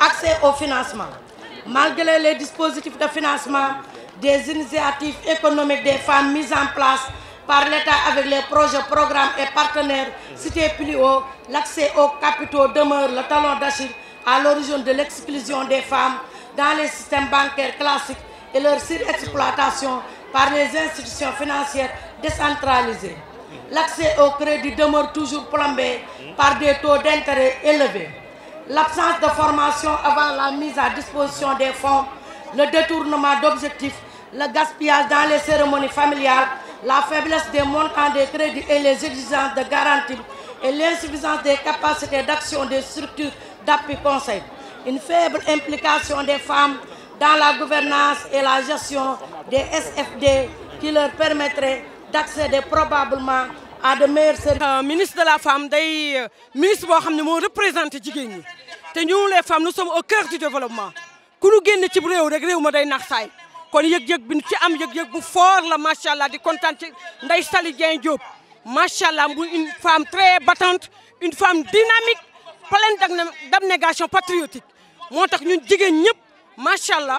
Accès au financement. Malgré les dispositifs de financement, des initiatives économiques des femmes mises en place par l'État avec les projets, programmes et partenaires cités plus haut, l'accès aux capitaux demeure le talon d'Achille à l'origine de l'exclusion des femmes dans les systèmes bancaires classiques et leur surexploitation par les institutions financières décentralisées. L'accès au crédit demeure toujours plombé par des taux d'intérêt élevés. L'absence de formation avant la mise à disposition des fonds, le détournement d'objectifs, le gaspillage dans les cérémonies familiales, la faiblesse des montants des crédits et les exigences de garantie et l'insuffisance des capacités d'action des structures d'appui conseil. Une faible implication des femmes dans la gouvernance et la gestion des SFD qui leur permettrait d'accéder probablement à de meilleurs euh, ministre de la femme day euh, ministre qui représente les les femmes nous sommes au cœur du développement ku nous du au la une femme très battante une femme dynamique pleine d'abnégation patriotique Nous sommes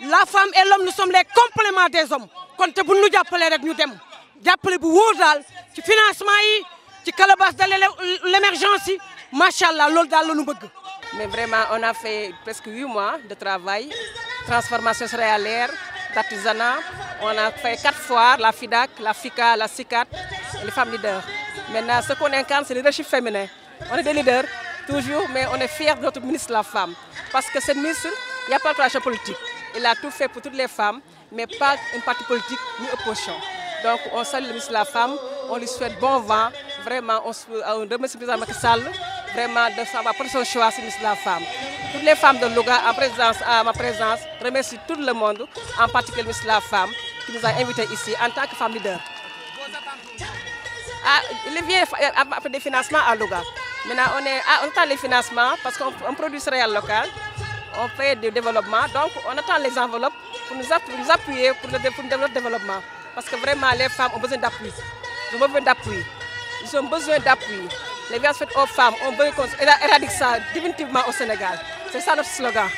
la femme et l'homme nous sommes les compléments des hommes quand te nous ñu nous rek ñu dem jàppale bu wóor financement yi ci de l'émergence Machallah, macha allah la mais vraiment on a fait presque huit mois de travail transformation céréalière d'artisanat on a fait quatre foires la FIDAC la FICA la SICAT les femmes leaders. maintenant ce qu'on incarne c'est le leadership féminin on est des leaders toujours mais on est fiers de notre ministre de la femme parce que cette ministre. Il n'y a pas de politique. Il a tout fait pour toutes les femmes, mais pas un parti politique ni opposition. Donc on salue le ministre la Femme, on lui souhaite bon vent. Vraiment, on, remercie le président Macky Sall vraiment de savoir son choix le la Femme. Toutes les femmes de Louga, présence, à ma présence, remercie tout le monde, en particulier le ministre la Femme, qui nous a invités ici en tant que femme leader. Ah, il vient euh, des financements à Louga. Maintenant, on, est, ah, on les financements parce qu'on produit réel local on fait du développement. Donc on attend les enveloppes pour nous, appuyer pour le, pour le développement. Parce que vraiment les femmes ont besoin d'appui. Ils ont besoin d'appui. Ils ont besoin d'appui. Les violences faites aux femmes, on veut qu'on ça définitivement au Sénégal. C'est ça notre slogan.